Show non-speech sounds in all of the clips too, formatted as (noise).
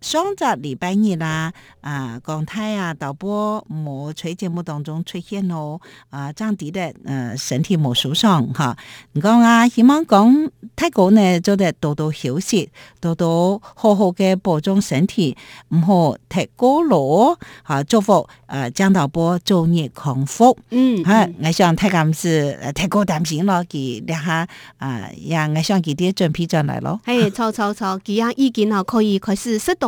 雙十禮拜日啦，啊，講睇啊導播冇在節目當中出現哦，啊，張迪的誒、呃、身體冇受傷哈，唔講啊，希望講泰國呢做得多多休息，多多好好嘅保重身體，唔好踢過勞，好祝福、呃、啊，張導播早日康復，嗯、啊，我上睇咁子，太高擔心咯，佢下啊，又我想佢啲準備上來咯，係，錯錯錯，佢阿意見可以開始 (laughs)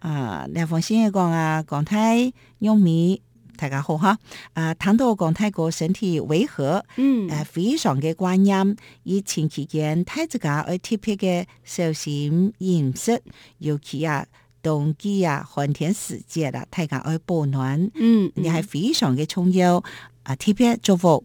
啊！梁鳳先嘅講啊，講太玉美大家好哈。啊，談到江大哥身體違和，嗯，誒、呃，非常嘅關心。疫情期間胎之家愛特別嘅小心飲食，尤其啊冬季啊寒天時節啦、啊，大家愛保暖，嗯，嗯，亦係非常嘅重要啊，特別祝福。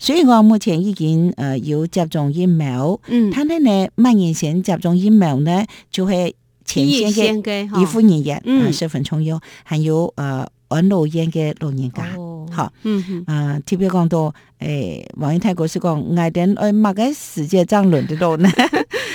所以我目前已經呃有接種疫苗，嗯，他呢呢蔓延前接種疫苗呢，就會前線嘅，醫護人員，嗯，十、呃、分重要，還有呃，安、嗯、老院嘅老人家，哦、好，嗯嗯哼，特、呃、別講到誒，黃、哎、英泰嗰時講捱點誒物嘅時節爭亂啲多呢。 (laughs)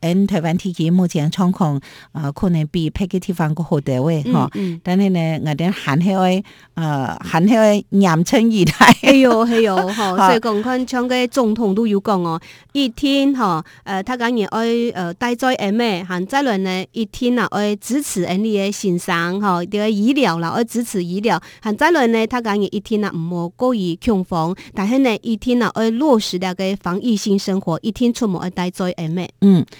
嗯，台灣地區目前狀況啊，可能比別個地方個好點位哈。嗯嗯、但是呢，我哋寒害喂，呃，寒害嚴春二代。哎呦，哎呦哈！ (laughs) 所以講，看像個總統都有講哦，一天哈，呃，他講要愛呃戴災 NMA，韓在倫呢一天啊愛支持 NLA 先生哈，個醫療啦愛支持醫療。韓在倫呢，他講一天啊唔好過於恐慌，但是呢一天啊愛落實了嘅防疫性生活，一天出門愛戴災 NMA 嗯。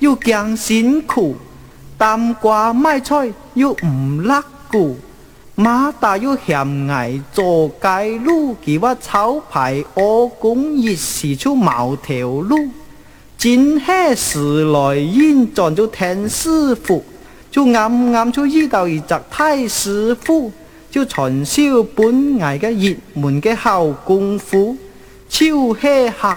又驚辛苦，擔瓜賣菜又唔落顧，馬大又嫌矮，做街路幾話炒牌，我公亦係出某條路，真係時來運轉咗聽師傅，就啱啱就遇到一隻太師傅，就傳授本藝嘅熱門嘅好功夫，超適合。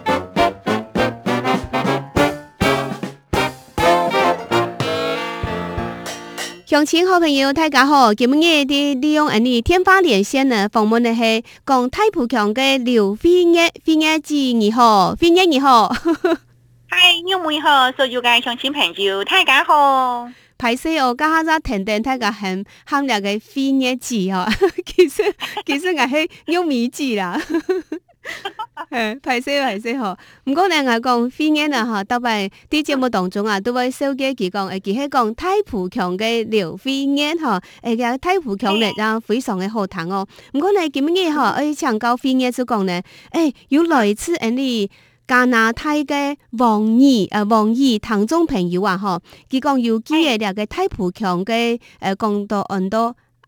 相親好朋友，大家好！今日我利用天花連線呢，訪問的是講大埔腔嘅劉惠月，惠月姊你好，惠月你好，嗨，你們好，所有嘅相親朋友，大家好！排攝我加下子停停，大家很喊了嘅惠月姊其實其實係是玉美姊啦。係歹勢歹勢嗬，唔該你嗌講飛燕啊吓，都係啲節目當中啊，都會收機佢講，誒，佢喺講大埔腔嘅劉飛燕嗬，誒，大埔腔咧，非常嘅好聽哦。唔該、哎、你點樣嘢嗬，誒，請教飛燕所講呢，誒，要來自誒尼加拿大嘅黃宇誒，黃宇唐中平遙啊，嗬，佢講機今日個大埔腔嘅誒，講到按到。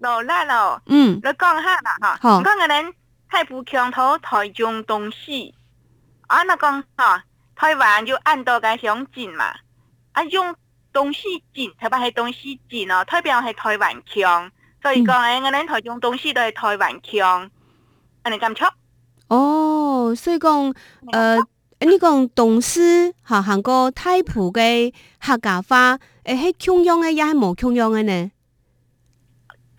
到來了，嗯，你講哈嘛哈，講我呢，大埔腔頭台中東勢，啊，那講哈，台灣就按到個鄉鎮嘛，啊，用東勢鎮，特別是東勢鎮哦，特別係台灣腔。所以講誒，我們台中東勢都係台灣腔。啊，你咁出。哦，所以講，呃，你講東勢哈，行過大埔嘅客家話，誒、哎，係共樣嘅，也係無共樣嘅呢？說的說的說的。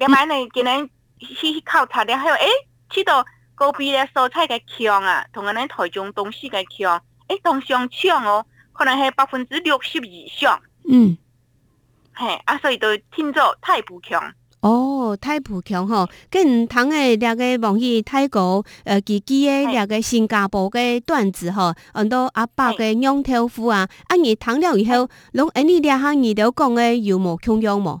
另外呢，嗯、今年去考察了後，哎、欸，知道高邊的蔬菜嘅腔啊，同阿咱台中的東西嘅腔，哎、欸，同相差哦，可能是百分之六十以上。嗯，嘿、欸，啊，所以都聽着大埔腔。哦，大埔腔吼，跟唔同誒兩個，網易泰國、呃，自己嘅兩個新加坡嘅段子吼，很多阿伯嘅釀豆腐啊，阿爺談了以後，攏阿、嗯欸、你兩個耳朵講嘅有無共樣有無？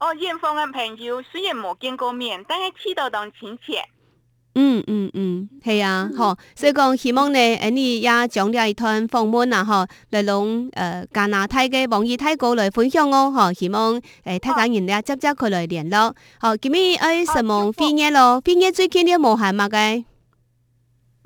哦，遠方的朋友雖然冇見過面，但係知道當親切。嗯嗯嗯，係啊，嗬、嗯哦，所以講希望咧，你也講了一段訪問啊，嗬，嚟攞呃加拿大嘅黃宇大哥嚟分享哦，嗬，希望誒睇緊人呢，哎啊哦、接接佢嚟聯絡。好、哦，今日誒什麼畢業咯？畢業最近啲冇閒物嘅。